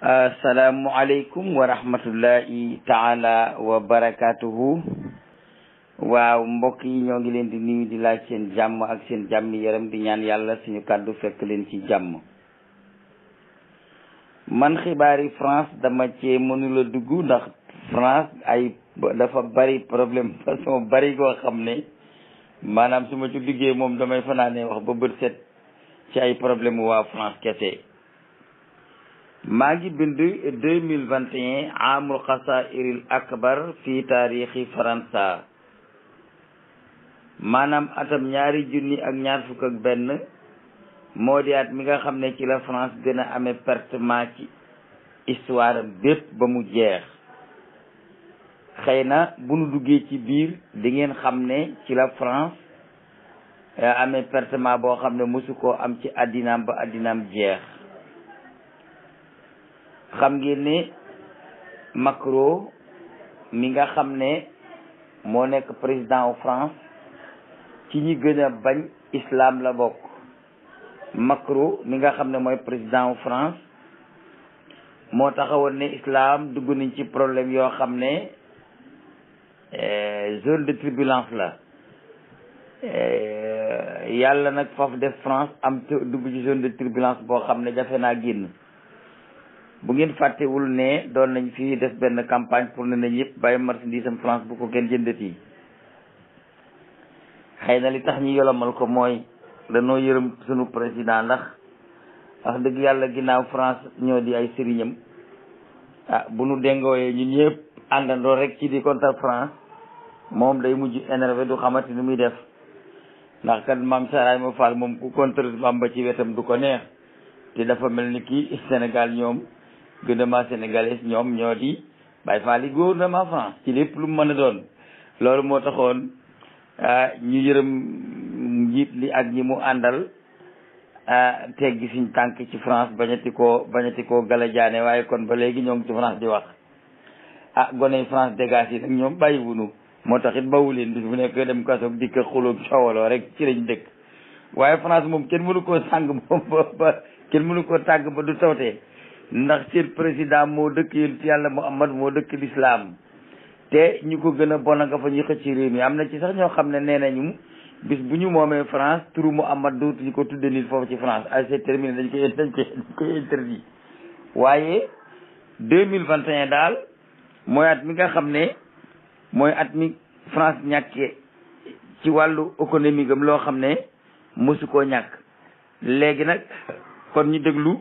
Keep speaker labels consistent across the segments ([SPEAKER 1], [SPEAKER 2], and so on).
[SPEAKER 1] asalaamualeykum wa rahmatullahi taala wa barakatuhu waaw mbokk yi ñoo ngi leen di nuyu di laaj seen jàmm ak seen jàmm yaram di ñaan yàlla suñu kàddu fekk leen ci jàmm man xibaari France dama cee mënula dugg ndax France ay dafa bari problème parce bari koo xam ne maanaam su ci duggee moom damay fanaanee wax ba bët set ci ay problème waa France kese maa ngi bind deux mille vingt et un amul xasairil akbar fi taarixi faransa maanaam atam ñaari junni ak ñaar fukk ak benn moo di at mi nga xam ne ci la France gën a amee pertement ci histoire bépp ba mu jeex xëy na bu nu duggee ci biir di ngeen xam ne ci la France euh, amee pertement boo xam ne mosu koo am ci addinaam ba àddinaam jeex xam ngeen ni macro mi nga xam ne moo nekk président wu France ci ñi gën bañ islam la bokk macro mi nga xam ne mooy président wu France moo tax taxawoon ne islam dugg nañ ci problème yoo xam ne eh, zone de turbulence la eh, yàlla nag foofu def France am dugg ci zone de turbulence boo xam ne jafe naa génn bu ngeen fàttewul ne doon nañ fii def benn campagne pour ne nañ yëpp bàyyi marchandise am France bu ko kenn jëndati xëy na li tax ñu yolomal ko mooy danoo yërëm sunu président ndax wax dëgg yàlla ginnaaw France ñoo di ay sëriñam ah bu nu déngooyee ñu ñëpp àndandoo rek ci di contre France moom day mujj énervé du xamati ni muy def ndax kat maam Saraay ma Fall moom ku contre Bamba ci wetam du ko neex te dafa mel ni kii Sénégal ñoom gouvernement sénégalais ñoom ñoo di Baye Fall yi gouvernement France ci lépp lu mu mën a doon loolu moo taxoon ah, ñu yërëm njiit li ak ñi mu àndal ah, teggi suñ tànk ci France bañati koo bañati koo gala waaye kon ba léegi ñoom ngi ci France di wax ah goney France dégage yi nag ñoom bàyyi wunu moo tax it bawu leen bis nekk dem kasoog dikk xuloog coowaloo rek ci lañ dëkk waaye France moom kenn mënu koo sàng moom ba kenn mënu koo tàgg ba du tawtee ndax seen président moo dëkk yonent yàlla Muhammad moo dëkk lislaam te ñu ko gën a bon a nga fa ñu xëcc ci réew mi am na ci sax ñoo xam ne nee nañu bis bu ñu moomee France turu Muhammad ñu ko tudde nit foofu ci France ay ah, c'est terminé dañ koy dañ koy dañ koy interdit waaye deux mille vingt et un daal mooy at mi nga xam ne mooy at mi France ñàkkee ci wàllu économique am loo xam ne mosu koo ñàkk léegi nag kon ñu déglu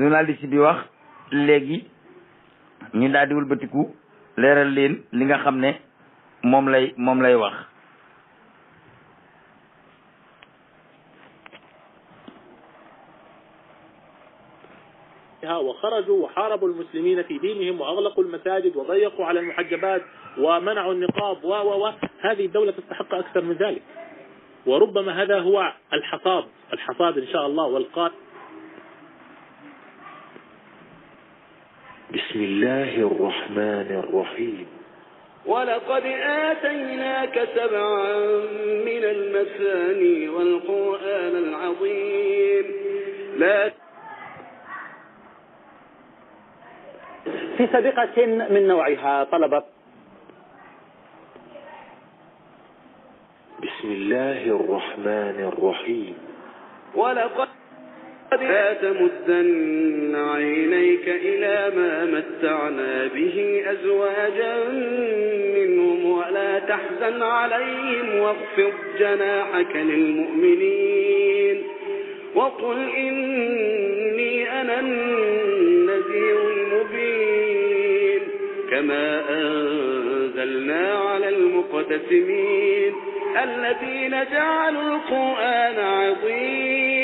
[SPEAKER 1] journaliste bi wax léegi ñu daal di wëlbatiku leeral leen li nga xam ne moom lay moom lay wax
[SPEAKER 2] وخرجوا وحاربوا المسلمين في دينهم واغلقوا المساجد وضيقوا على المحجبات ومنعوا النقاب و و هذه الدولة تستحق أكثر من ذلك وربما هذا هو الحصاد الحصاد إن شاء الله والقاتل بسم الله الرحمن الرحيم
[SPEAKER 3] ولقد آتيناك سبعا من المثاني والقرآن العظيم لا
[SPEAKER 1] في سابقة من نوعها طلبت
[SPEAKER 2] بسم الله الرحمن الرحيم
[SPEAKER 3] ولقد لا تمدن عينيك إلى ما متعنا به أزواجا منهم ولا تحزن عليهم واخفض جناحك للمؤمنين وقل إني أنا النذير المبين كما أنزلنا على المقتسمين الذين جعلوا القرآن عظيم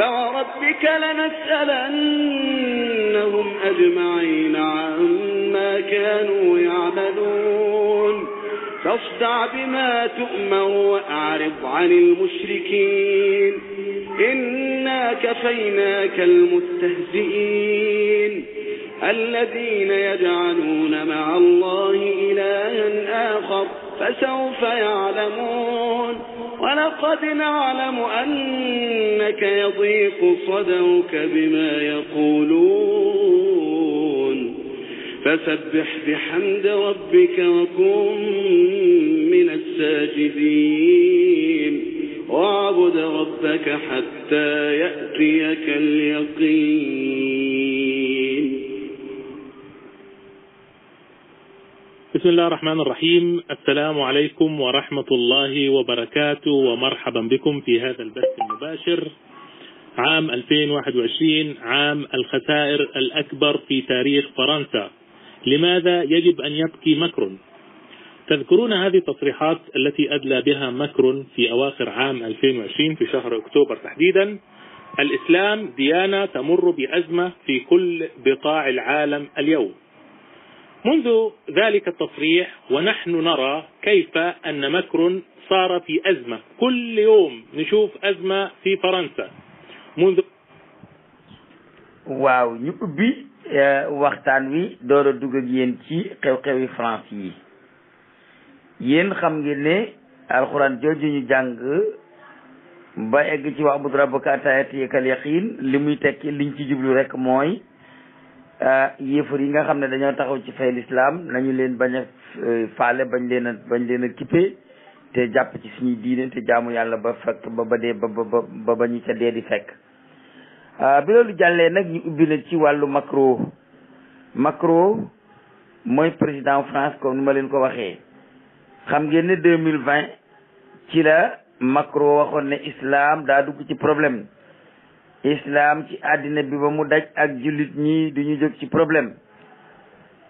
[SPEAKER 3] فوربك لنسألنهم أجمعين عما كانوا يعملون فاصدع بما تؤمر وأعرض عن المشركين إنا كفيناك المستهزئين الذين يجعلون مع الله إلها آخر فسوف يعلمون ولقد نعلم أنك يضيق صدرك بما يقولون فسبح بحمد ربك وكن من الساجدين واعبد ربك حتى يأتيك اليقين
[SPEAKER 2] بسم الله الرحمن الرحيم السلام عليكم ورحمة الله وبركاته ومرحبا بكم في هذا البث المباشر عام 2021 عام الخسائر الأكبر في تاريخ فرنسا لماذا يجب أن يبكي مكرون تذكرون هذه التصريحات التي أدلى بها مكرون في أواخر عام 2020 في شهر أكتوبر تحديدا الإسلام ديانة تمر بأزمة في كل بقاع العالم اليوم منذ ذلك التصريح ونحن نرى كيف أن مكر صار في أزمة كل يوم نشوف أزمة في فرنسا منذ
[SPEAKER 1] waaw ñu ubbi waxtaan wi door a dugg ak yéen ci xew-xewi France yi yéen xam ngeen ne alxuraan jooju ñu jàng ba egg ci wax bud rabbaka hatta ya'tiyakal yaqiin li muy tekki liñ ci jublu rek mooy Euh, yéefar yi nga xam ne dañoo taxaw ci fay lislaam nañu leen bañ a euh, faale bañ leen a bañ leen a kippee te jàpp ci suñuy diine te jaamu yàlla ba fekk ba ba dee ba ba ba ba ñu ca dee di fekk euh, bi loolu jàllee nag ñu ubbi la ci wàllu macro macro mooy président France comme nu ma leen ko waxee xam ngeen ne deux mille vingt ci la macro waxoon ne islam daa dugg ci problème islaam ci àddina bi ba mu daj ak jullit ñi du ñu jóg ci problème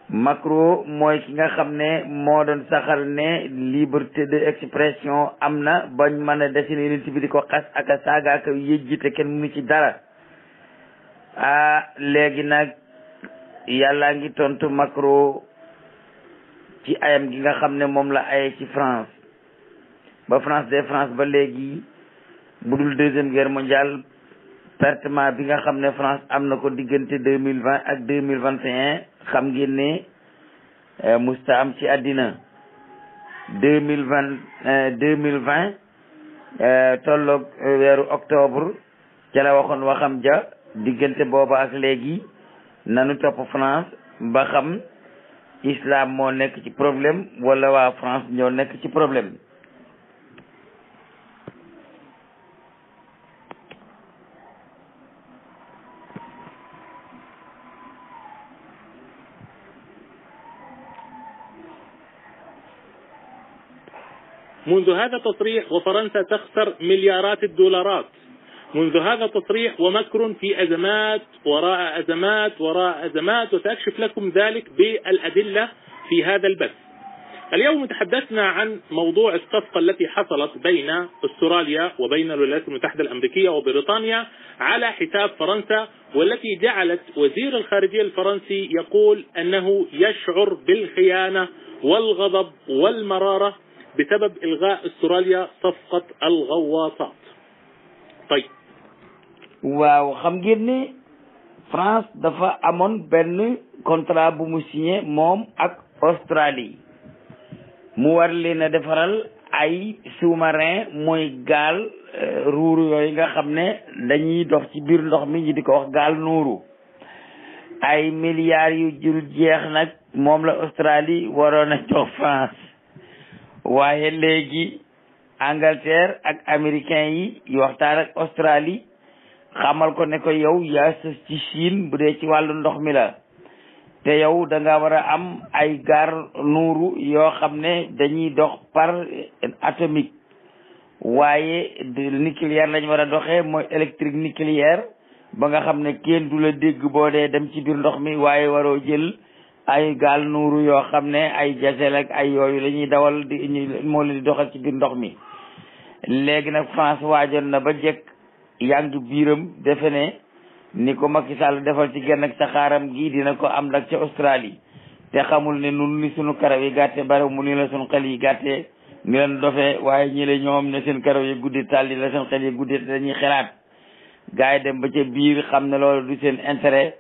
[SPEAKER 1] macro mooy ki nga xam ne moo doon saxal ne liberté de expression am na bañ mën a desine yonent di ko xas ak a saaga ak a yëjji te kenn mënu ci dara ah léegi nag yàllaa ngi tontu macro ci ayam gi nga xam ne moom la aye ci France ba France de France ba léegi bu dul deuxième guerre mondiale pertement bi nga xam ne France am na ko diggante deux mille vingt ak deux mille vingt et un xam ngeen ne euh, musta am ci àddina deux mille vingt euh, deux mille vingt euh, tolloog weeru octobre ca la waxoon waxam ja diggante booba ak léegi nanu topp France ba xam islam moo nekk ci problème wala waa France ñoo nekk ci problème
[SPEAKER 2] منذ هذا تصريح وفرنسا تخسر مليارات الدولارات منذ هذا تصريح ومكر في أزمات وراء أزمات وراء أزمات وسأكشف لكم ذلك بالأدلة في هذا البث اليوم تحدثنا عن موضوع الصفقة التي حصلت بين استراليا وبين الولايات المتحدة الأمريكية وبريطانيا على حساب فرنسا والتي جعلت وزير الخارجية الفرنسي يقول أنه يشعر بالخيانة والغضب والمرارة بسبب إلغاء استراليا صفقة الغواصات طيب
[SPEAKER 1] waaw xam ngeen ne France dafa amoon benn contrat bu mu signé moom ak Australie mu war leen a defaral ay sous-marin mooy gaal ruuru yooyu nga xam ne dañuy dox ci biir ndox mi ñi di ko wax gaal nuuru ay milliards yu jur jeex nag moom la Australie waroon a jox France waaye léegi Angleterre ak américain yi yu waxtaan ak Australie xamal ko ne ko yow yaa sës ci Chine bu dee ci wàllu ndox mi la te yow danga nga war a am ay gar nuuru yoo xam ne dañuy dox par atomique waaye nucléaire lañu war a doxee mooy électrique nucléaire ba nga xam ne kenn du la dégg boo dee dem ci biir ndox mi waaye waroo jël ay gaal nuuru yoo xam ne ay jasel ak ay yooyu lañuy dawal di moo leen di doxal ci biir ndox mi léegi nag France waajoon na ba jekk yàngi biiram defe ne ni ko Macky Sall defal ci genn ak saxaaram gi dina ko am nag ca Australie te xamul ne nun ni sunu karaw yi gàtte bare mu ni la sunu xel yi gàtte ni leen dofee waaye ñi ñoom na seen karaw yi guddi tàlli la seen xel yi guddi dañuy xelaat gaa yi dem ba ca biir xam ne loolu du seen intérêt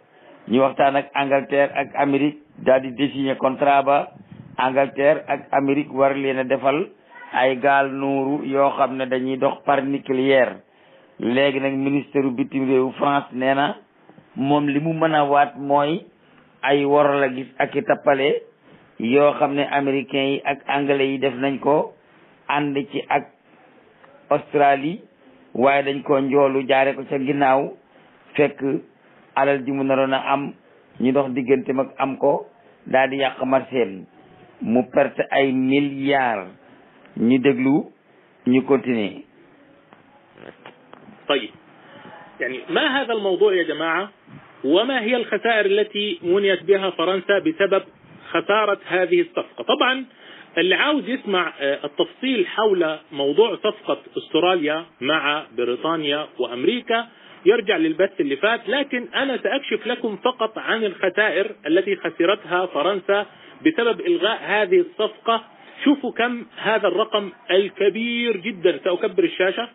[SPEAKER 1] ñu waxtaan ak Angleterre ak Amérique daal di désigner contrat ba Angleterre ak Amérique war leen defal ay gaal nuuru yoo xam ne dañuy dox par nucléaire léegi nag ministère u bitim France nee na moom li mu mën a waat mooy ay wor la gis ak i tappale yoo xam ne américains yi ak anglais yi def nañ ko ànd ci ak Australie waaye dañ ko njoolu jaare ko ca ginnaaw fekk alal ji mu naroon a am ñu dox diggante mag am ko daal di yàq marché mu perte ay milliards ñu déglu ñu continuer
[SPEAKER 2] طيب يعني ما هذا الموضوع يا جماعة وما هي الخسائر التي منيت بها فرنسا بسبب خسارة هذه الصفقة طبعا اللي عاوز يسمع التفصيل حول موضوع صفقة استراليا مع بريطانيا وامريكا يرجع للبث اللي فات لكن أنا سأكشف لكم فقط عن الخسائر التي خسرتها فرنسا بسبب إلغاء هذه الصفقة شوفوا كم هذا الرقم الكبير جدا سأكبر الشاشة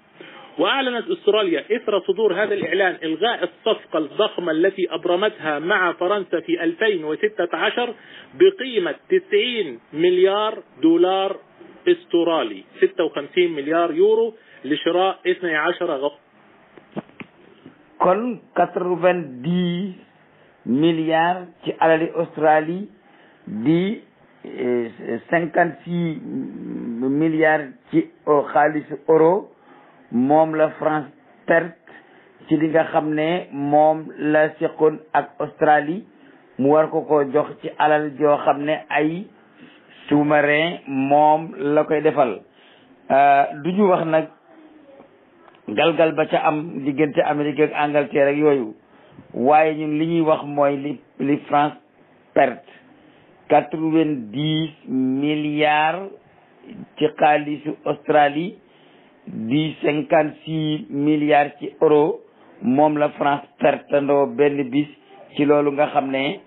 [SPEAKER 2] وأعلنت أستراليا إثر صدور هذا الإعلان إلغاء الصفقة الضخمة التي أبرمتها مع فرنسا في 2016 بقيمة 90 مليار دولار استرالي 56 مليار يورو لشراء 12
[SPEAKER 1] kon quatre-vingt-dix milliards ci alali Australie di eh, cinquante-six milliards ci xaalisu euro moom la France perte ci li nga xam ne moom la seqoon ak Australie mu war ko ko jox ci alal joo xam ne ay sous-marin moom la koy defal euh, du ñu wax nag galgal ba ca am diggante Amérique ak Angleterre ak yooyu waaye ñun li ñuy wax mooy li li France perte quatre vingt dix milliards ci xaalisu Australie di cinquante six milliards ci euro moom la France perte ndoo benn bis ci loolu nga xam ne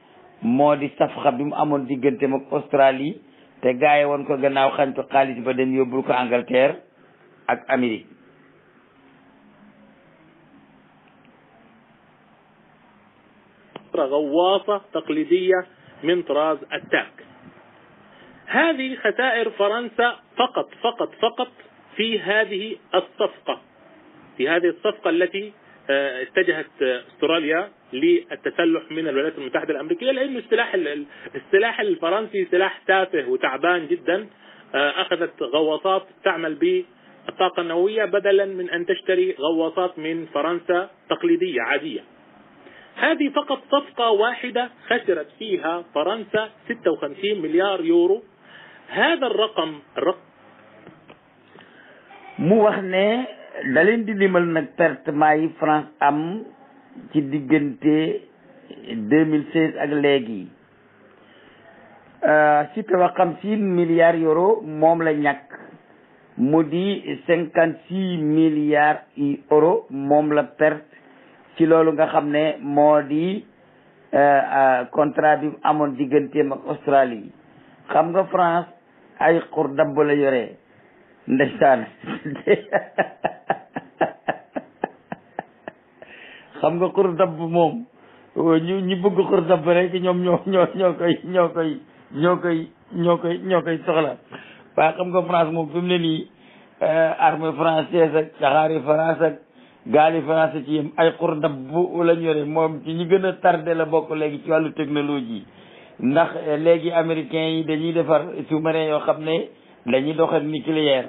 [SPEAKER 1] moo di safxa bi mu amoon diggante ak Australie te gaaye woon ko gannaaw xañ ko xaalis ba dem yóbbul ko Angleterre ak Amérique
[SPEAKER 2] حفرة غواصة تقليدية من طراز التاك هذه خسائر فرنسا فقط فقط فقط في هذه الصفقة في هذه الصفقة التي اتجهت استراليا للتسلح من الولايات المتحدة الأمريكية لأنه السلاح السلاح الفرنسي سلاح تافه وتعبان جدا أخذت غواصات تعمل به الطاقة النووية بدلا من أن تشتري غواصات من فرنسا تقليدية عادية هذه فقط صفقة واحدة خسرت فيها فرنسا 56 مليار يورو هذا الرقم الرقم
[SPEAKER 1] mu wax ne da leen di limal nag pertement yi France am ci diggante 2016 ak léegi euh, si tawa xamsiin milliards euro moom la ñàkk mu di cinquante six milliards euro moom la perte ci loolu nga xam ne moo di euh, euh, contrat bi amoon digganteem ak Australie xam nga France ay xur dabb la yore ndeysaan xam nga xur dabb moom ñu ñu bëgg xur dabb rek ñoom ñoo ñoo koy ñoo koy ñoo koy ñoo koy ñoo koy soxla waaye xam nga France moom fi ne nii euh, armée française ak saxaari France ak gaali français ci yem ay xur ndab bu lañ yore moom ci ñi gën a tardé la bokk léegi ci wàllu technologie ndax eh, léegi américains yi dañuy defar sous-marin yoo xam ne dañuy ak nucléaire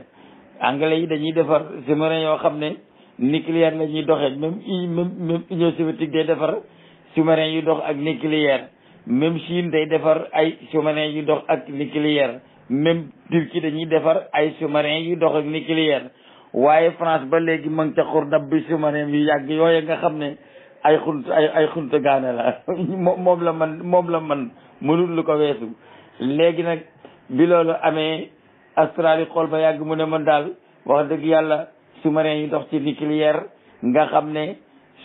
[SPEAKER 1] anglais yi dañuy defar sous-marin yoo xam ne nucléaire la ñuy doxe même même même union soviétique day defar sous-marin yu dox ak nucléaire même Chine day defar ay sous-marin yu dox ak nucléaire même Turquie dañuy defar ay sous-marin yu dox ak nucléaire waaye France ba léegi man ngi ca xur dab bi sumaneem yu yàgg yooye nga xam ne ay xunt ay ay xunt gaane la moom la man moom la man mënul lu ko weesu léegi nag bi loolu amee Australie xool ba yàgg mu ne man daal wax dëgg yàlla sous-marin yi dox ci nucléaire nga xam ne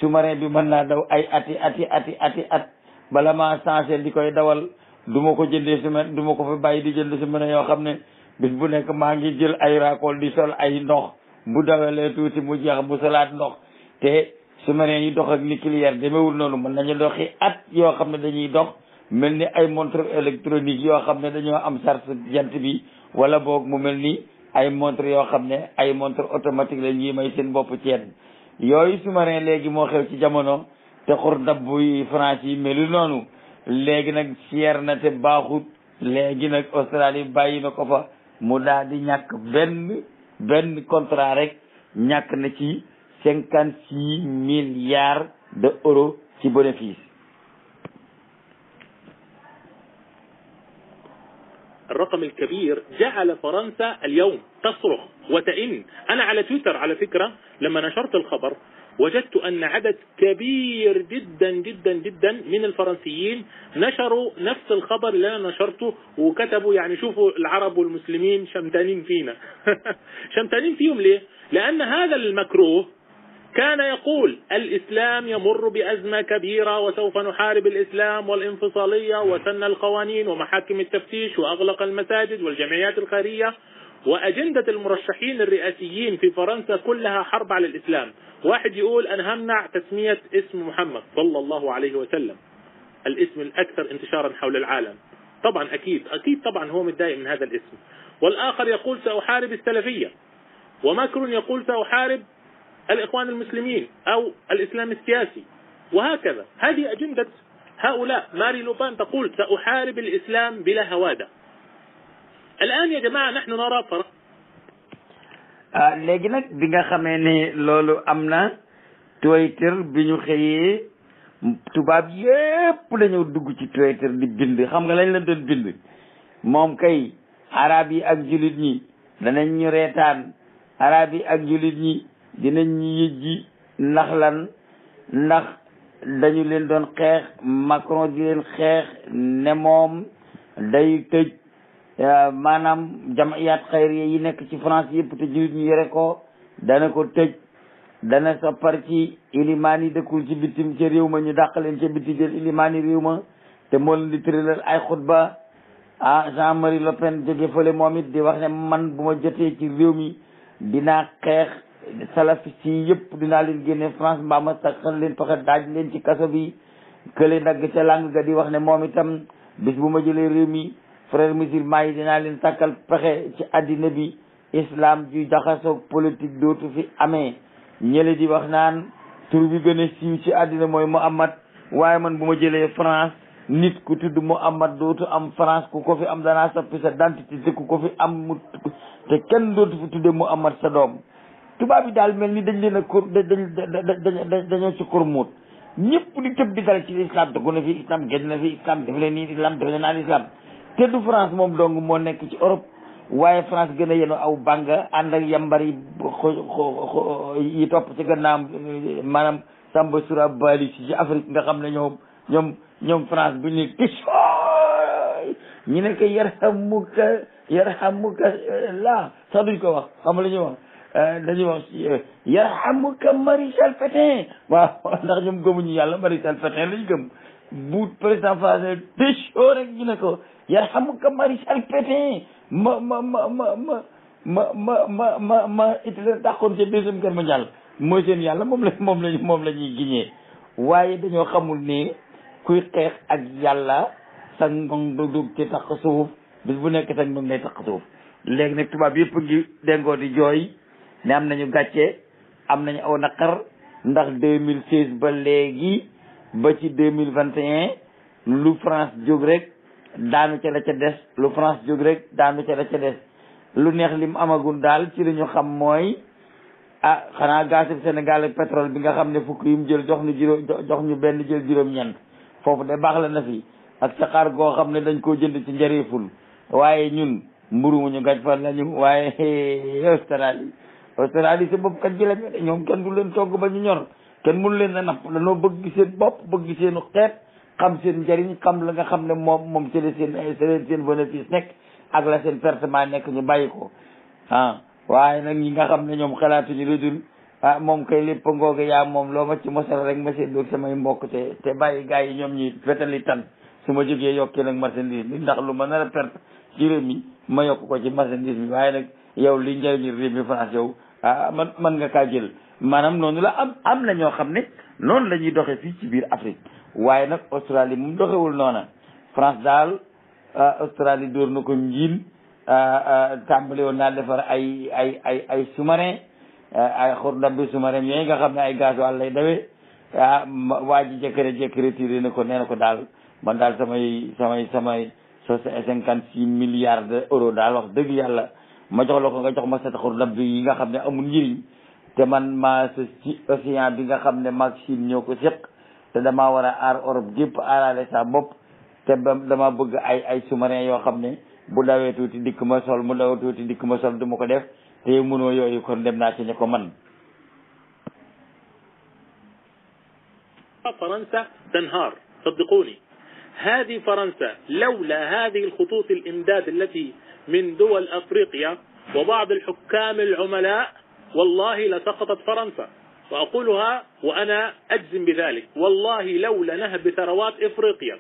[SPEAKER 1] sous-marin bi mën naa daw ay ati ati ati ati at bala maa changé li koy dawal du ma ko jëndee sous du ma ko fa bàyyi di jënd sous-marin yoo xam ne bis bu nekk maa ngi jël ay racole di sol ay ndox bu dawalee tuuti mu jeex bu salaat ndox te sous-marins yi dox ak nucléaire demewul noonu mën nañu doxi at yoo xam ne dañuy dox mel ni ay montre électronique yoo xam ne dañoo am charge jant bi wala boog mu mel ni ay montre yoo xam ne ay montre automatique la ñuy may seen bopp ceen yooyu sous-marin léegi moo xew ci jamono te xor xur dabbuy France yi melu noonu léegi nag seer na te baaxut léegi nag Australie bàyyi na ko fa mu daal di ñàkk benn benn contrat rek ñàkk na ci cinquante six milliards de euros ci bénéfice.
[SPEAKER 2] الرقم الكبير جعل فرنسا اليوم تصرخ وتئن أنا على تويتر على فكرة لما نشرت الخبر وجدت أن عدد كبير جدا جدا جدا من الفرنسيين نشروا نفس الخبر اللي أنا نشرته وكتبوا يعني شوفوا العرب والمسلمين شمتانين فينا شمتانين فيهم ليه؟ لأن هذا المكروه كان يقول الإسلام يمر بأزمة كبيرة وسوف نحارب الإسلام والانفصالية وسن القوانين ومحاكم التفتيش وأغلق المساجد والجمعيات الخيرية وأجندة المرشحين الرئاسيين في فرنسا كلها حرب على الإسلام واحد يقول أنا همنع تسمية اسم محمد صلى الله عليه وسلم الاسم الأكثر انتشارا حول العالم طبعا أكيد أكيد طبعا هو متضايق من هذا الاسم والآخر يقول سأحارب السلفية وماكرون يقول سأحارب الإخوان المسلمين أو الإسلام السياسي وهكذا هذه أجندة هؤلاء ماري لوبان تقول سأحارب الإسلام بلا هوادة الآن يا جماعة نحن نرى فرق
[SPEAKER 1] léegi nag bi nga xamee ni loolu am na Twitter bi ñu xëyee tubaab yépp dañoo dugg ci Twitter di bind xam nga lañ la doon bind moom kay arab yi ak jullit ñi danañ ñu reetaan arab yi ak jullit ñi dinañ ñu yëjji ndax lan ndax dañu leen doon xeex Macron di leen xeex ne moom day tëj Euh, maanaam jamaiyat xayriya yi nekk ci France yëpp te jiwit ñu yore ko dana ko tëj dana soppar ci ilimaan yi dëkkul ci bitim ca réew ma ñu dàq leen ca biti jël ilimaan yi réew ma te moo leen di tëralal ay xutba ah Jean-Marie Le Pen jóge fële moom it di wax ne man bu ma jotee ci réew mi dinaa xeex salafiste yi yëpp dinaa leen génne France mbaa ma saxal leen pexe daaj leen ci kaso bi kële nag ca làng ga di wax ne moom itam bis bu ma jëlee réew mi frère musulman yi dinaa leen sàkkal pexe ci àddina bi islam ju jaxasoog politique dootu fi amee ñële di wax naan tur bi gën a siiw ci àddina mooy Muhammad waaye man bu ma jëlee France nit ku tudd Muhammad dootu am France ku ko fi am danaa sappi sa identité ku ko fi am mu te kenn dootu fi tudde Muhammad sa doom tubaab yi daal mel ni dañ leen a kur da dañoo ci kurmuut ñëpp di tëb di dal ci islam dugg na fi islam génn na fi islam def leen nii islam te du France moom dong moo nekk ci Europe waaye France gën a yenu aw banga ànd ak yambar yi yi topp ci gannaam maanaam Samba Sura Bali si ci Afrique nga xam ne ñoom ñoom ñoom France bu ñu tis ñu ne ko yarhamuka yarhamuka la sax duñ ko wax xam la ñuy wax eh, dañuy wax yarhamuka maréchal Pétain waaw ndax ñoom gëmuñu yàlla maréchal Pétain lañ gëm bu président français tichoo rek ñu ne ko yarhamuka maréchal Pétain ma ma ma ma ma ma ma ma ma ma Hitler dàqoon ca deuxième guerre mondiale mooy seen yàlla moom la moom lañ moom la ñuy giñee waaye dañoo xamul nii kuy xeex ak yàlla sa ngong du dugg ci taq suuf bis bu nekk sa ngong ngay taq suuf léegi nag tubaab yëpp ngi dengoo di jooy ne am nañu gàcce am nañu aw naqar ndax deux mille seize ba léegi ba ci deux mille vingt et un lu France jóg rek daanu ca la ca des lu France jóg rek daanu ca la ca des lu neex lim amagun daal ci li xam mooy a ah, xanaa gaasub Sénégal ak pétrole bi nga xam ne fukk yum jël jox ñu juróom jox ñu benn jël juróom ñen foofu de baax la na fi ak saxaar goo xam ne dañ koo jënd ci njëriñful waaye ñun mburu mu ñu gaj fan lañu waaye Australie Australie si bopp kat bi la ñoom kenn du leen togg ba ñu ñor kenn mënu leen a napp danoo bëgg seen bopp bëgg seenu xeet xam seen njëriñ xam la nga xam ne moom moom ci la seen seen seen bénéfice nekk ak la seen pertement nekk ñu bàyyi ko ah waaye nag ñi nga xam ne ñoom xalaatuñu lu dul ah moom kay lépp ngooge yaa moom loo ma ci mosal rek ma seetlu samay mbokk te te bàyyi gars yi ñoom ñi fetali tan su ma jógee yokkee nag marchandise bi ndax lu ma a perte ci réew mi ma yokk ko ci marchandise bi waaye nag yow li njëriñu réew mi France yow ah man mën nga kaa maanaam noonu la am am na ñoo xam ne noonu la ñuy doxee fii ci biir Afrique waaye nag Australie moom doxewul noona France daal euh, Australie door na ko njiil euh, euh, tàmbali woon naa defar ay ay ay ay sous-marin ay xurdabbi sous-marin yooyu nga xam ne ay gaz wàll lay dawee ah waa ji jëkkëre jëkkëre na ko nee ko daal man daal samay samay samay so cinquante six milliards d'euros daal wax dëgg yàlla ma jox la ko nga jox ma set xurdabbi yi nga xam ne amul njëriñ te man ma ci océan bi nga xam ne mag Chine ñëw ko séq te damaa war a aar Europe gépp aarale sa bopp te dama bëgg ay ay sous-marin yoo xam ne bu dawee tuuti dikk ma sol mu dawee tuuti dikk ma sol du ma ko def te mënoo yooyu kon dem naa ci ñu ko man
[SPEAKER 2] فرنسا تنهار صدقوني هذه فرنسا لولا هذه الخطوط الإمداد التي من دول أفريقيا وبعض الحكام العملاء والله لسقطت فرنسا وأقولها وأنا أجزم بذلك والله لولا نهب ثروات إفريقيا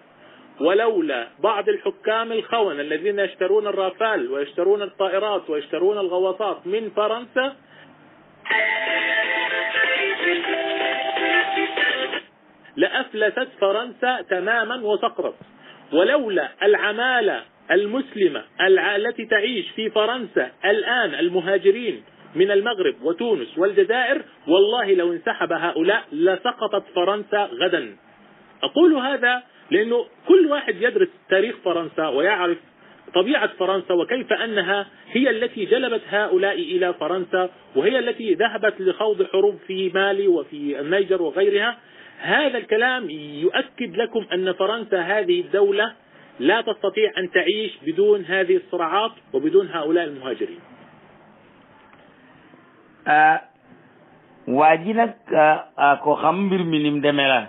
[SPEAKER 2] ولولا بعض الحكام الخونة الذين يشترون الرافال ويشترون الطائرات ويشترون الغواصات من فرنسا لأفلتت فرنسا تماما وسقطت ولولا العمالة المسلمة التي تعيش في فرنسا الآن المهاجرين من المغرب وتونس والجزائر والله لو انسحب هؤلاء لسقطت فرنسا غدا أقول هذا لأنه كل واحد يدرس تاريخ فرنسا ويعرف طبيعة فرنسا وكيف أنها هي التي جلبت هؤلاء إلى فرنسا وهي التي ذهبت لخوض حروب في مالي وفي النيجر وغيرها هذا الكلام يؤكد لكم أن فرنسا هذه الدولة لا تستطيع أن تعيش بدون هذه الصراعات وبدون هؤلاء المهاجرين waa
[SPEAKER 1] ji nag ko xam mbir mi nim demee la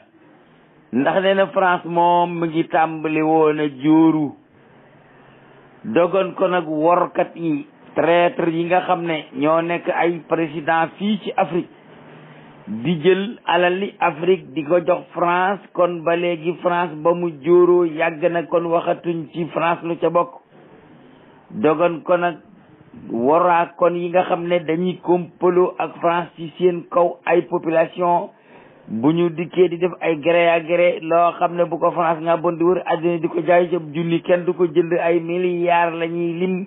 [SPEAKER 1] ndax nee na France moom mu ngi tàmbali woon a jooru dogon ko nag workat yi traître yi nga xam ne ñoo nekk ay président fii ci Afrique di jël alali Afrique di ko jox France kon ba léegi France ba mu jóoroo yàgg na kon waxatuñ ci France lu ca bokk dogon ko nag waraa kon yi nga xam ne dañuy kompaloo ak France ci seen kaw ay population bu ñu dikkee di def ay gré à gré loo xam ne bu ko France nga bon di wër àddina di ko jaay ca junni kenn du ko jënd ay milliards la ñuy lim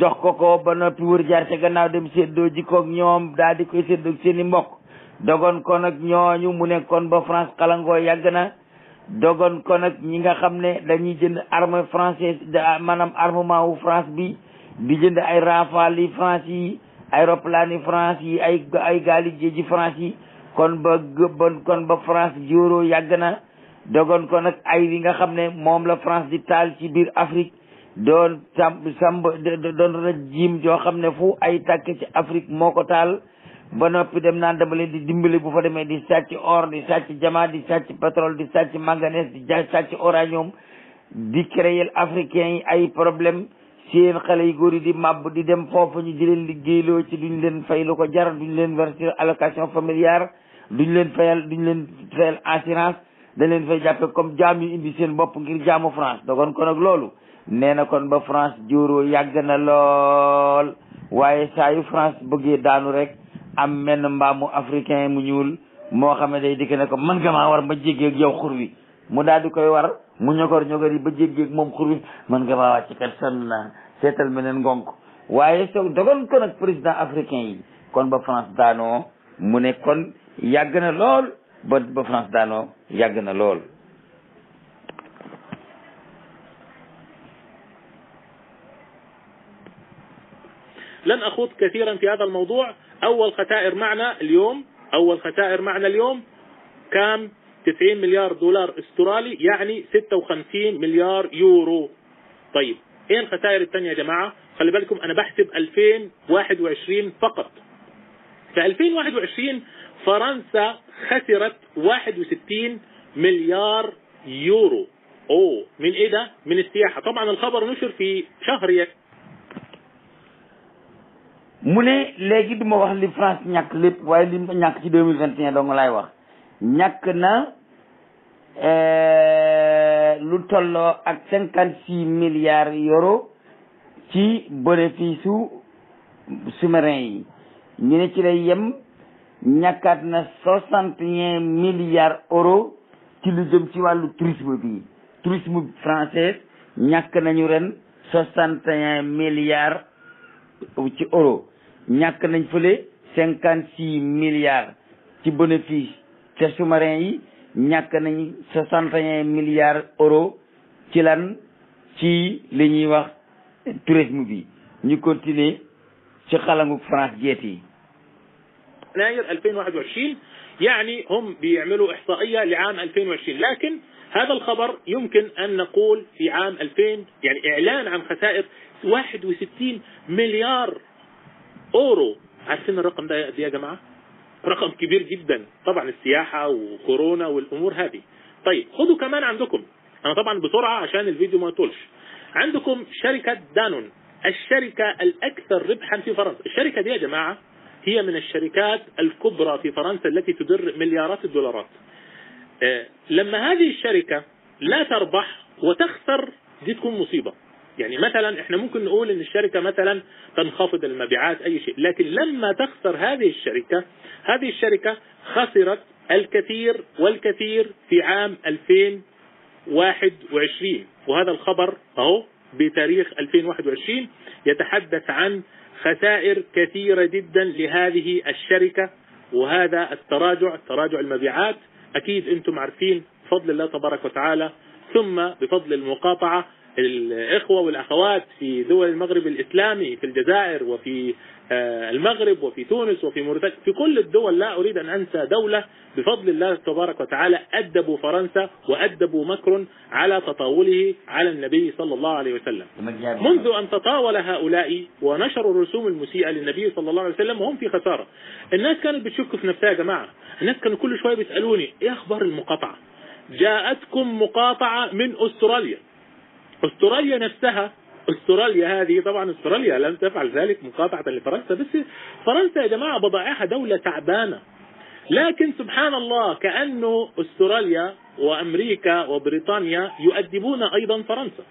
[SPEAKER 1] jox ko ko ba noppi wër jaar ca gannaaw dem séddoo jikkoog ñoom daal di koy séddoo seen mbokk dogon ko nag ñooñu mu nekkoon ba France xalangoo yàgg na dogon ko nag ñi nga xam ne dañuy jënd arme française maanaam armement wu France bi di jënd ay rafale yi France yi ay roplaan yi ay ay gaali ji France yi kon ba bon ba France joro yàgg na dogon ko nag ay yi nga xam ne moom la France di taal ci biir Afrique doon sam samb doon rajim joo xam ne fu ay tàkke ci Afrique moo ko taal ba noppi dem naan dama leen di dimbali bu fa demee di sàcc or di sàcc jamaa di sàcc pétrole di sàcc manganèse di sàcc uranium di créer africain yi ay problème seen xale yi góor yi di màbb di dem foofu ñu di leen liggéeyloo ci duñ leen fay lu ko jar duñ leen war verser allocation familiale duñ leen fayal duñ leen assurance dañ leen fay jàppe comme jaam yu indi seen bopp ngir jaamu France dogon ko nag loolu nee na kon ba France jóoroo yàgg na lool waaye saa yu France bëggee daanu rek am menn mbaamu africain mu ñuul moo xam ne day dikk ne ko man nga maa war ma jéggeeg yow xur wi mu daal di koy war mu ñokor ñokor yi ba moom xur wi nga maa wàcc kat naa seetal meneen ngonk waaye soo dogon ko nag président africain yi kon ba France daanoo mu ne kon yàgg na lool ba ba France daanoo yàgg na lool
[SPEAKER 2] لن أخوض كثيرا في هذا الموضوع أول ختائر معنا اليوم أول ختائر معنا اليوم كام 90 مليار دولار استرالي يعني 56 مليار يورو طيب ايه الخسائر الثانيه يا جماعه خلي بالكم انا بحسب 2021 فقط في 2021 فرنسا خسرت 61 مليار يورو اوه من ايه ده من السياحه طبعا الخبر نشر في شهر يك
[SPEAKER 1] mu ne léegi duma wax li France ñàkk lépp waaye li mu ñàkk ci 2021 dong laay wax ñàkk na lu tolloo ak cinquante six milliards euro ci bénéfice su sous yi ñu ne ci lay yem ñàkkaat na soixante et milliards euro ci lu jëm ci wàllu tourisme bi tourisme français ñàkk nañu ren soixante et un milliards ci euro ñàkk nañ fële cinquante six milliards ci bénéfice te sous yi ñàkk nañ soixante et un milliards euros ci lan ci li ñuy wax tourisme bi ñu continuer ci xalangu France jeet yi
[SPEAKER 2] يناير 2021 يعني هم بيعملوا إحصائية لعام 2020 لكن هذا الخبر يمكن أن نقول في عام 2000 يعني إعلان عن خسائر 61 مليار أورو عارفين الرقم ده يا جماعة رقم كبير جدا طبعا السياحه وكورونا والامور هذه طيب خدوا كمان عندكم انا طبعا بسرعه عشان الفيديو ما يطولش عندكم شركه دانون الشركه الاكثر ربحا في فرنسا الشركه دي يا جماعه هي من الشركات الكبرى في فرنسا التي تدر مليارات الدولارات لما هذه الشركه لا تربح وتخسر دي تكون مصيبه يعني مثلا احنا ممكن نقول ان الشركة مثلا تنخفض المبيعات اي شيء لكن لما تخسر هذه الشركة هذه الشركة خسرت الكثير والكثير في عام 2021 وهذا الخبر اهو بتاريخ 2021 يتحدث عن خسائر كثيرة جدا لهذه الشركة وهذا التراجع تراجع المبيعات أكيد أنتم عارفين بفضل الله تبارك وتعالى ثم بفضل المقاطعة الإخوة والأخوات في دول المغرب الإسلامي في الجزائر وفي المغرب وفي تونس وفي موريتانيا في كل الدول لا أريد أن أنسى دولة بفضل الله تبارك وتعالى أدبوا فرنسا وأدبوا مكرون على تطاوله على النبي صلى الله عليه وسلم منذ أن تطاول هؤلاء ونشروا الرسوم المسيئة للنبي صلى الله عليه وسلم وهم في خسارة الناس كانت بتشك في نفسها يا جماعة الناس كانوا كل شوية بيسألوني إيه أخبار المقاطعة جاءتكم مقاطعة من أستراليا استراليا نفسها استراليا هذه طبعا استراليا لم تفعل ذلك مقاطعه لفرنسا بس فرنسا يا جماعه بضائعها دوله تعبانه لكن سبحان الله كانه استراليا وامريكا وبريطانيا يؤدبون ايضا فرنسا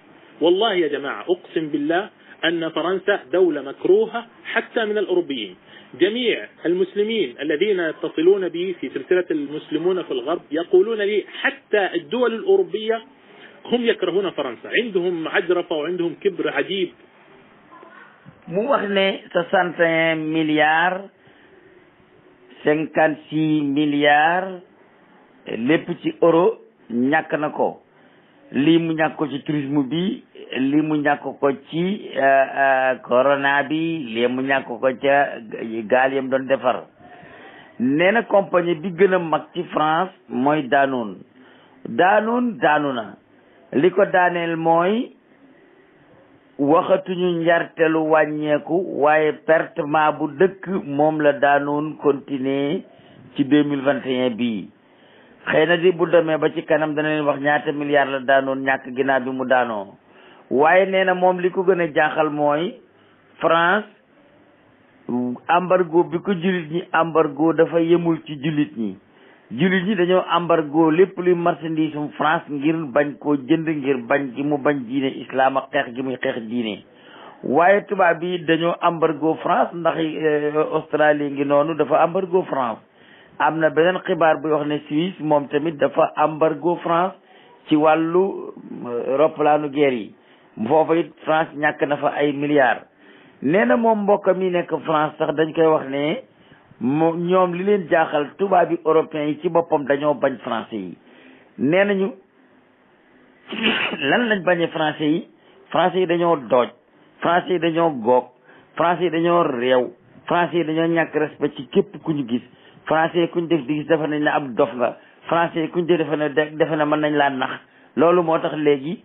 [SPEAKER 2] والله يا جماعه اقسم بالله ان فرنسا دوله مكروهه حتى من الاوروبيين جميع المسلمين الذين يتصلون بي في سلسله المسلمون في الغرب يقولون لي حتى الدول الاوروبيه هم يكرهون فرنسا عندهم عجرفة وعندهم كبر عجيب
[SPEAKER 1] mu wax ne soixante milliards six milliards lépp ci euro ñàkk na ko lii mu ñàkk ko ci tourisme bi lii mu ñàkk ko ci euh, euh, corona bi lii mu ñàkk ko ca gaal yam doon defar nee na compagnie bi gën a mag ci France mooy Danone Danone daanu na li ko daaneel mooy waxatuñu njartelu wàññeeku waaye pertement bu dëkk moom la daanoon continuer ci deux mille vingt et un bii xëy na di bu demee ba ci kanam dana leen wax ñaata milliards la daanoon ñàkk ginaar bi mu daanoo waaye nee na moom li ko gën a jaaxal mooy France embargo bi ko jullit ñi embargo dafa yemul ci jullit ñi jullit ñi dañoo embargo lépp luy marchandise um France ngir bañ koo jënd ngir bañ gi mu bañ diine islaam ak xeex gi muy xeex diine waaye tubaab yi dañoo embargo France ndax euh, Australie ngi noonu dafa embargo France am na beneen xibaar buy wax ne Suisse moom tamit dafa embargo France ci wàllu euh, roppalaanu guerre yi foofa it France ñàkk na fa ay milliards nee na moom mbokk mi nekk France sax dañ koy wax ne moo ñoom li leen jaaxal tubaab yi européens yi ci boppam dañoo bañ français yi nee nañu lan lañ bañee français yi français yi dañoo dooj français yi dañoo goog français yi dañoo réew français yi dañoo ñàkk respect ci képp ku ñu gis français yi ku ñu def di gis defe nañ ne ab dof nga français yi ku ñu def defe ne defe ne mën nañ laa nax loolu moo tax léegi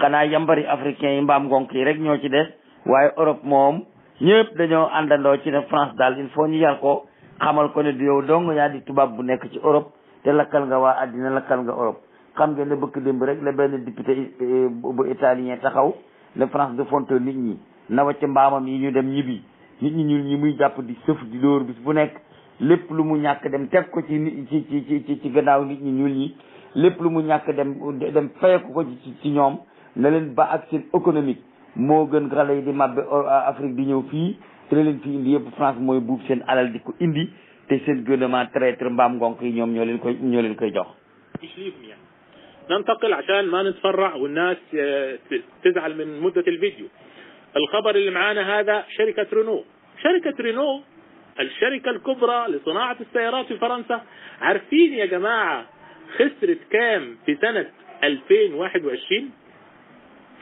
[SPEAKER 1] xanaa yambari africain yi mbaam ngonk yi rek ñoo ci des waaye Europe moom ñëpp dañoo àndandoo ci ne France daal il ñu yar ko xamal ko ne du yow dong yaa di tubaab bu nekk ci Europe te lakkal nga waa àddina lakkal nga Europe xam ngeen ne bëkk démb rek la benn député eh, bu italien taxaw le France de fonte nit ñi na wacc mbaamam yi ñu dem ñibbi nit ñi ñun ñi muy jàpp di sëf di dóor bis bu nekk lépp lu mu ñàkk dem teg ko ci ci ci ci gannaaw nit ñi ñuul ñi lépp lu mu ñàkk dem dem ko ci ñoom na leen ba ak économique moo gën xale yi di màbbe Afrique di ñëw fii te leen fi indi yëpp France mooy buub seen alal di ko indi te seen gouvernement traître mbaam ngonk yi ñoom ñoo leen koy ñoo leen koy jox.
[SPEAKER 2] ننتقل عشان ما نتفرع والناس تزعل من مدة الفيديو الخبر اللي معانا هذا شركة رينو شركة رينو الشركة الكبرى لصناعة السيارات في فرنسا عارفين يا جماعة خسرت كام في سنة 2021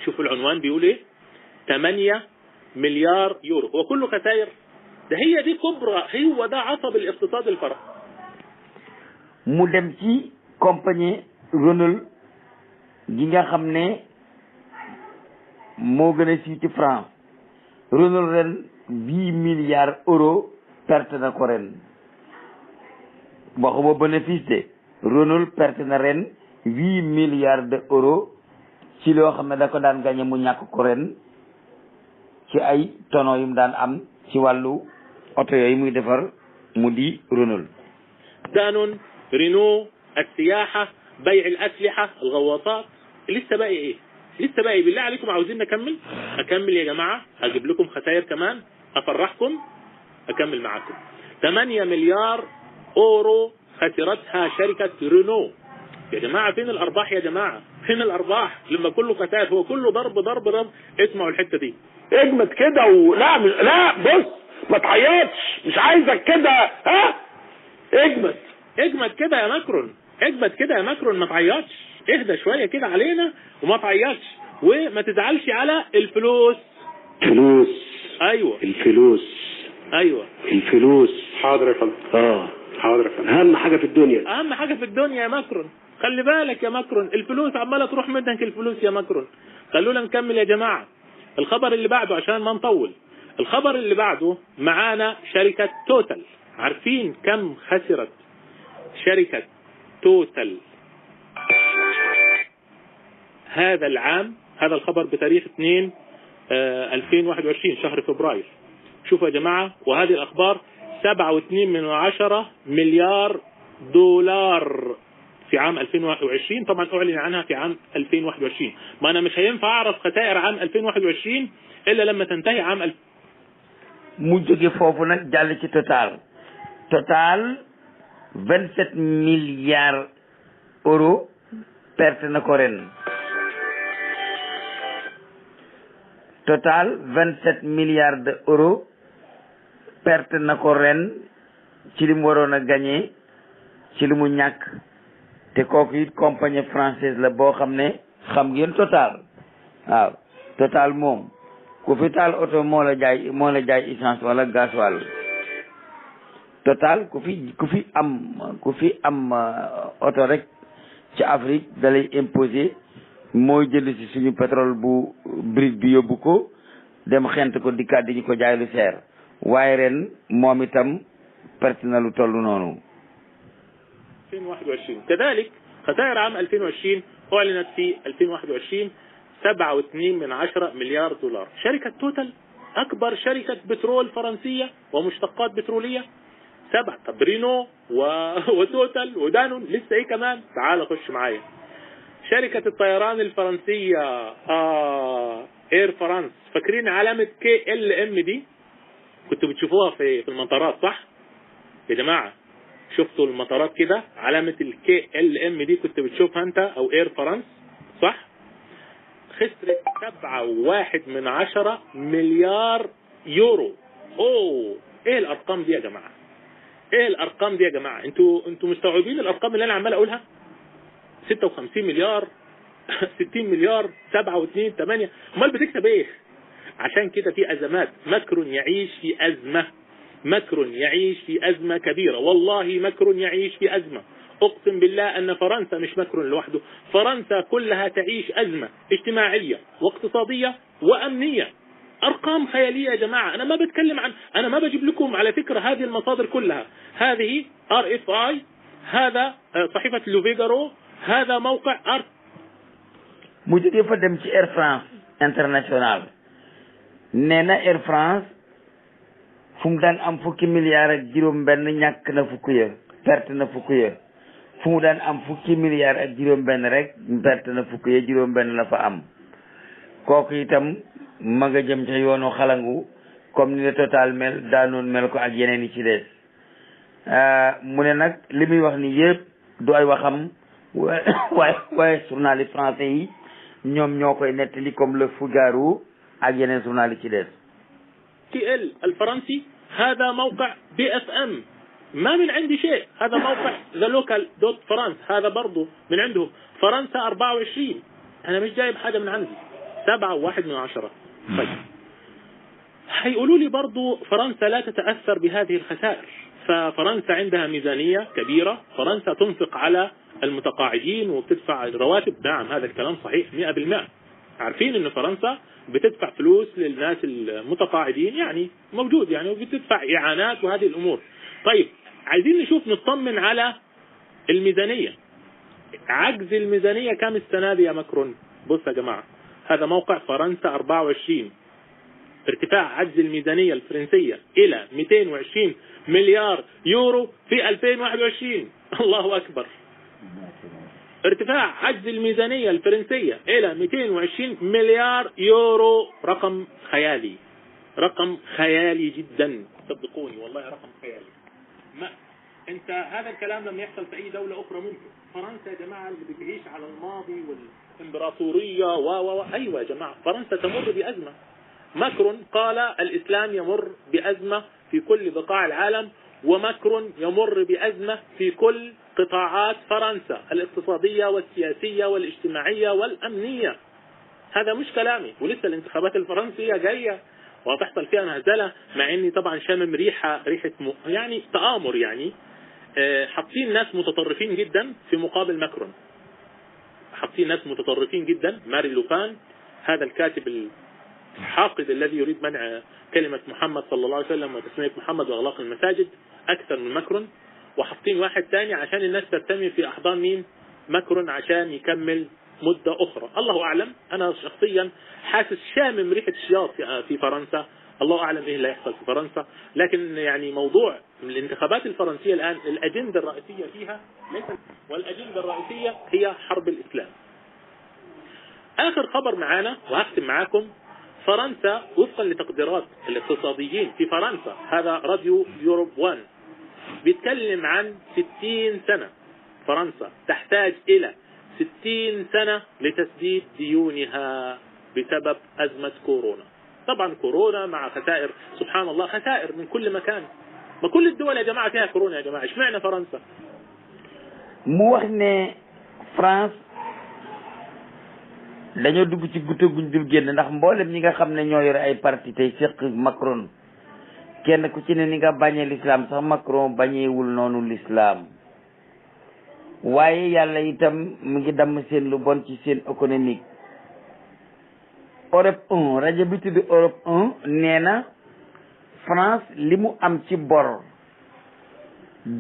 [SPEAKER 2] شوفوا العنوان بيقول ايه 8 مليار يورو وكله خسائر ده هي دي كبرى هو ده عصب الاقتصاد الفرنسي
[SPEAKER 1] mu dem ci compagnie Renault gi nga xam ne moo gën a siiw ci France Renault ren huit milliards euro perte na ko ren waxuma bénéfice de Renault perte na ren huit milliards de euro ci loo xam ne da ko daan gagné mu ñàkk ko ren ci ay tono yu mu daan am ci wàllu oto yooyu muy defar mu di Renault
[SPEAKER 2] دان رينو السياحة بيع الأسلحة الغواصات لسه باقي إيه؟ لسه باقي بالله عليكم عاوزين نكمل؟ أكمل يا جماعة هجيب لكم خسائر كمان أفرحكم أكمل معاكم 8 مليار أورو خسرتها شركة رينو يا جماعة فين الأرباح يا جماعة؟ فين الأرباح؟ لما كله خسائر هو كله ضرب ضرب ضرب اسمعوا الحتة دي اجمد كده ولا مش... لا بص ما تعيطش مش عايزك كده ها اجمد اجمد كده يا ماكرون اجمد كده يا ماكرون ما تعيطش اهدى شويه كده علينا وما تعيطش وما تزعلش على الفلوس فلوس ايوه الفلوس ايوه الفلوس حاضر يا فندم اه حاضر يا فندم اهم حاجه في الدنيا اهم حاجه في الدنيا يا ماكرون خلي بالك يا ماكرون الفلوس عماله تروح منك الفلوس يا ماكرون خلونا نكمل يا جماعه الخبر اللي بعده عشان ما نطول الخبر اللي بعده معانا شركة توتال عارفين كم خسرت شركة توتال هذا العام هذا الخبر بتاريخ 2 2021 شهر فبراير شوفوا يا جماعة وهذه الأخبار 7.2 من عشرة مليار دولار في عام 2020 طبعا اعلن عنها في عام 2021 ما انا مش هينفع اعرف خسائر عام 2021 الا لما تنتهي عام الف...
[SPEAKER 1] mu jóge foofu nag jàll ci total total 27 milliards euros perte na ko ren total 27 milliards de euros perte na ko ren ci li mu waroon a gagné ci li mu ñàkk te kooku it compagnie française la boo xam ne xam ngeen total waaw total moom ku fi taal oto moo la jaay moo la jaay essence wala gasoil total ku fi ku fi am ku fi am uh, oto rek ci Afrique dalay imposer mooy jënd si suñu pétrole bu brut bi yóbbu ko dem xent ko dikkaat di ñu ko jaay lu seer waaye ren moom itam perte na lu toll noonu
[SPEAKER 2] 2021 كذلك خسائر عام 2020 أعلنت في 2021 7.2 من 10 مليار دولار شركة توتال أكبر شركة بترول فرنسية ومشتقات بترولية سبع طب رينو و... وتوتال ودانون لسه ايه كمان تعال خش معايا شركة الطيران الفرنسية آه... اير فرانس فاكرين علامة كي ال ام دي كنتوا بتشوفوها في في المطارات صح؟ يا جماعة شفتوا المطارات كده علامة الكي ال ام دي كنت بتشوفها انت او اير فرانس صح؟ خسرت سبعة واحد من عشرة مليار يورو اوه ايه الارقام دي يا جماعة؟ ايه الارقام دي يا جماعة؟ انتوا انتوا مستوعبين الارقام اللي انا عمال اقولها؟ 56 مليار 60 مليار 7 و2 8 امال بتكسب ايه؟ عشان كده في ازمات ماكرون يعيش في ازمه مكر يعيش في أزمة كبيرة والله مكر يعيش في أزمة أقسم بالله أن فرنسا مش مكر لوحده فرنسا كلها تعيش أزمة اجتماعية واقتصادية وأمنية أرقام خيالية يا جماعة أنا ما بتكلم عن أنا ما بجيب لكم على فكرة هذه المصادر كلها هذه ار اف اي هذا صحيفة لوفيجارو هذا موقع ار
[SPEAKER 1] mu jógee fa dem ci Air France International nee na Air France fu mu daan am fukki milliards ak juróom-benn ñàkk na fukk ya perte na fukk ya fu mu daan am fukki milliards ak juróom-benn rek perte na fukk ya juróom-benn la fa am kooku itam ma nga jëm ca yoonu xalangu comme ni la mel daanoon mel ko ak yeneen yi ci des euh, mu ne nag li muy wax ni yëpp du ay waxam waaye waaye journal yi français yi ñoom ñoo koy nettali comme le Figaro ak yeneen journal yi ci des
[SPEAKER 2] تي ال الفرنسي هذا موقع بي اف ام ما من عندي شيء هذا موقع ذا لوكال دوت فرانس هذا برضه من عندهم فرنسا 24 انا مش جايب حاجه من عندي سبعة وواحد من عشرة طيب هيقولوا لي برضو فرنسا لا تتأثر بهذه الخسائر ففرنسا عندها ميزانية كبيرة فرنسا تنفق على المتقاعدين وبتدفع رواتب نعم هذا الكلام صحيح 100% عارفين ان فرنسا بتدفع فلوس للناس المتقاعدين يعني موجود يعني وبتدفع اعانات وهذه الامور طيب عايزين نشوف نطمن على الميزانيه عجز الميزانيه كم السنه دي يا ماكرون بص يا جماعه هذا موقع فرنسا 24 ارتفاع عجز الميزانيه الفرنسيه الى 220 مليار يورو في 2021 الله اكبر ارتفاع حجز الميزانية الفرنسية إلى 220 مليار يورو رقم خيالي رقم خيالي جدا صدقوني والله رقم خيالي ما انت هذا الكلام لم يحصل في اي دولة اخرى منه فرنسا يا جماعة اللي بتعيش على الماضي والامبراطورية و و ايوه يا جماعة فرنسا تمر بازمة ماكرون قال الاسلام يمر بازمة في كل بقاع العالم ومكر يمر بأزمة في كل قطاعات فرنسا الاقتصادية والسياسية والاجتماعية والأمنية هذا مش كلامي ولسه الانتخابات الفرنسية جاية وهتحصل فيها مهزلة مع اني طبعا شامم ريحة ريحة م... يعني تآمر يعني حاطين ناس متطرفين جدا في مقابل ماكرون حاطين ناس متطرفين جدا ماري لوبان هذا الكاتب الحاقد الذي يريد منع كلمة محمد صلى الله عليه وسلم وتسمية محمد وإغلاق المساجد اكثر من ماكرون وحاطين واحد تاني عشان الناس ترتمي في احضان مين ماكرون عشان يكمل مدة أخرى الله أعلم أنا شخصيا حاسس شامم ريحة شياط في فرنسا الله أعلم إيه اللي هيحصل في فرنسا لكن يعني موضوع الانتخابات الفرنسية الآن الأجندة الرئيسية فيها ليس والأجندة الرئيسية هي حرب الإسلام آخر خبر معانا وهختم معاكم فرنسا وفقا لتقديرات الاقتصاديين في فرنسا هذا راديو يوروب 1 بيتكلم عن 60 سنة فرنسا تحتاج إلى 60 سنة لتسديد ديونها بسبب أزمة كورونا طبعا كورونا مع خسائر سبحان الله خسائر من كل مكان ما كل الدول يا جماعة فيها كورونا يا جماعة اشمعنى فرنسا
[SPEAKER 1] mu wax ne France dañoo dugg ci gutta guñ dul génn ndax mboolem ñi nga xam ne ñoo yore ay parti tey seq Macron kenn ku ci ne ni nga bañee l'islam sax Macron bañeewul noonu lislaam waaye yàlla itam mu ngi damm seen lu bon ci seen économique Europe 1 rajo bi tudd Europe 1 nee na France li mu am ci bor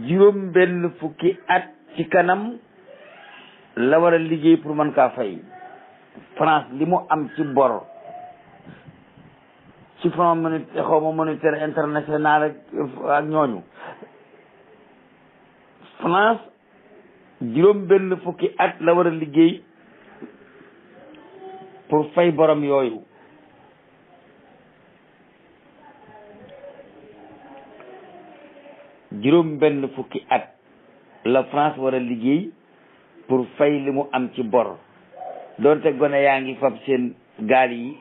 [SPEAKER 1] juróom benn fukki at ci kanam la war a liggéey pour mën kaa fay France li mu am ci bor ci front moni xaw ak ñooñu France juróom benn fukki at la war a liggéey pour fay borom yooyu juróom benn fukki at la France war a liggéey pour fay li mu am ci bor doonte gone yaa ngi fab seen gaal yi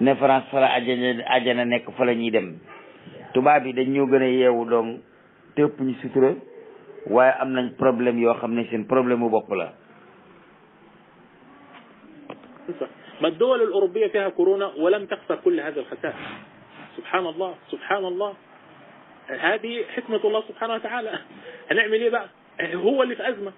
[SPEAKER 1] ne France fa la ajana ajana nekk fa la ñuy dem tubaab yi dañ ñoo gën a yeewu donc tëpp ñu sutura waaye am nañ problème yoo xam ne seen problème mu bopp la
[SPEAKER 2] ما الدول الأوروبية فيها كورونا ولم تخسر كل هذا الخسائر سبحان الله سبحان الله هذه حكمة الله سبحانه وتعالى هنعمل إيه بقى هو اللي في أزمة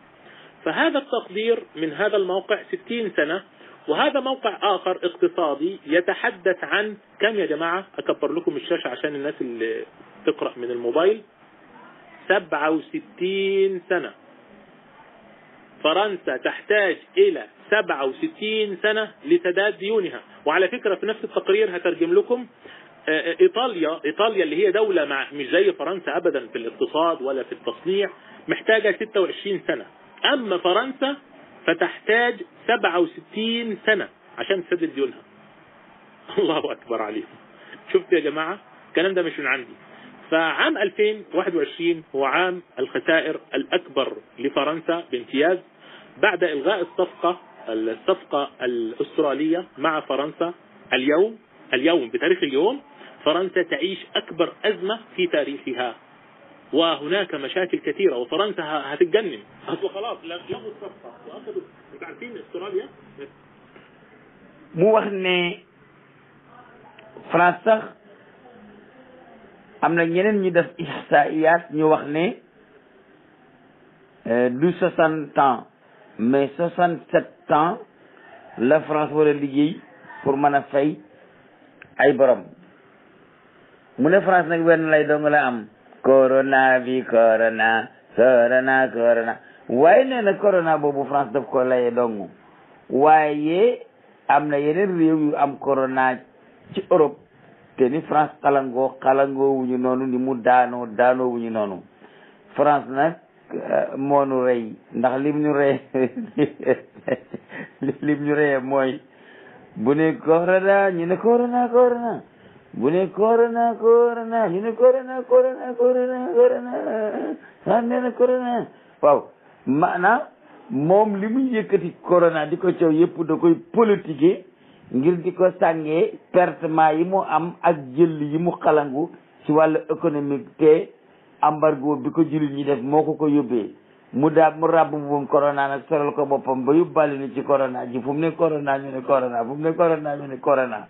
[SPEAKER 2] فهذا التقدير من هذا الموقع 60 سنة وهذا موقع آخر اقتصادي يتحدث عن كم يا جماعة أكبر لكم الشاشة عشان الناس اللي تقرأ من الموبايل 67 سنة فرنسا تحتاج إلى 67 سنة لسداد ديونها وعلى فكرة في نفس التقرير هترجم لكم إيطاليا إيطاليا اللي هي دولة مع مش زي فرنسا أبدا في الاقتصاد ولا في التصنيع محتاجة 26 سنة أما فرنسا فتحتاج 67 سنة عشان تسدد ديونها الله أكبر عليهم شفت يا جماعة الكلام ده مش من عندي فعام 2021 هو عام الخسائر الأكبر لفرنسا بامتياز بعد إلغاء الصفقة الصفقة الأسترالية مع فرنسا اليوم اليوم بتاريخ اليوم فرنسا تعيش أكبر أزمة في تاريخها وهناك مشاكل كثيرة وفرنسا هتتجنن أصل خلاص لغوا الصفقة وأخذوا
[SPEAKER 1] mu wax ne France sax am na ñeneen ñu def ihsaiyat ñu wax ne du soixante ans mais soixante sept ans la France war liggéey pour mën a fay ay borom mu ne France nag wenn lay dong la am corona bi corona corona corona waaye nee corona boobu France daf ko laye dong waaye am na yeneen réew yu am corona ci Europe te ni France xalangoo xalangoo wuñu noonu ni mu daanoo daanoo wuñu noonu France na euh, moonu nu rey ndax lim ñu rey lim ñu reye mooy bu ne corona ñu ne corona corona Bu ne korona korona yine korona korona korona korona xam waaw maanaam moom li muy yëkkati corona di ko coow yëpp da koy politique ngir di ko sàngee pertement yi mu am ak jëll yi mu xalangu ci wàllu économique te embargo bi ko jullit ñi def moo ko ko yóbbee mu daal mu ràbb buum corona nag soral ko boppam ba yóbbaale ni ci corona ji fu mu ne corona ñu ne corona fu ne corona ñu ne corona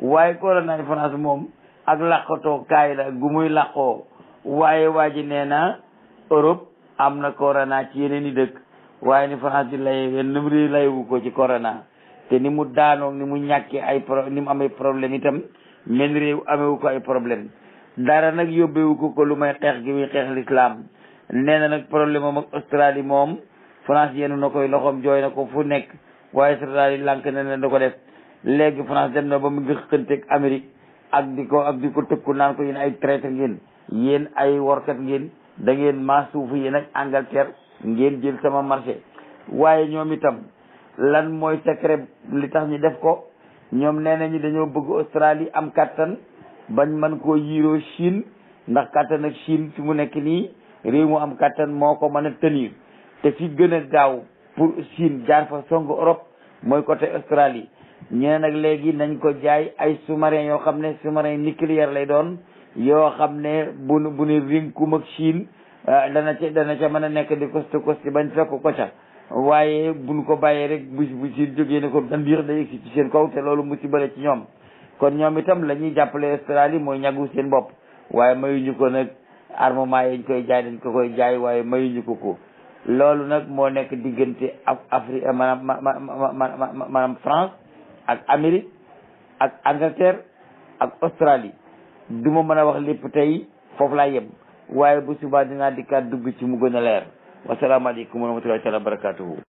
[SPEAKER 1] waaye corona France moom ak làqatoo kaay la gu muy làqoo waaye waa ji nee na Europe am na corona ci yeneen i dëkk waaye ni France di layee ni mu layewu ko ci corona te ni mu daanoog ni mu ñàkkee ay pro ni mu amee problème itam men réew amewu ko ay problème dara nag yóbbewu ko ko lu may xeex gi muy xeex l'islam nee na nag problème moom ak Australie moom France yenu na koy loxoom jooy na ko fu nekk waaye Australie lànk na ne da ko def léegi France dem na ba mu ngi xënteeg Amérique ak di ko ak di tëkku naan ko yéen ay traître ngeen yéen ay workat ngeen da ngeen maa suufu yéen ak Angleterre ngeen jël sama marché waaye ñoom itam lan mooy secret li tax ñu def ko ñoom nee nañu dañoo bëgg Australie am kattan bañ man koo yiiroo Chine ndax kattan ak Chine fi mu nekk nii réew mu am kattan moo ko mën a tenir te fi gën a gaaw pour Chine jaar fa song Europe mooy côté Australie ñeen ne nag léegi nañ ko jaay ay sous-marin yoo xam ne sous-marin nucléaire lay doon yoo xam ne bu bu ni rinkum ak Chine ah, dana ca dana ca mën a nekk di coste coste bañ fekk ko ca waaye buñ ko bàyyee rek bu bu Chine jógee ne ko dan biir day egsi ci seen kaw te loolu musiba la ci ñoom kon ñoom itam la ñuy jàppale Australie mooy ñagu seen bopp waaye mayuñu ko nag armement yañ koy jaay dañ ko koy jaay waaye mayuñu ko ko loolu nag moo nekk diggante Afrique maanaam maanaam France ak Amérique ak Angleterre ak Australie du ma mën a wax lépp tey foofu laa yem waaye bu subaa dinaa dikkaat dugg ci mu gën a leer wasalaamaaleykum wa rahmatullahi taala wa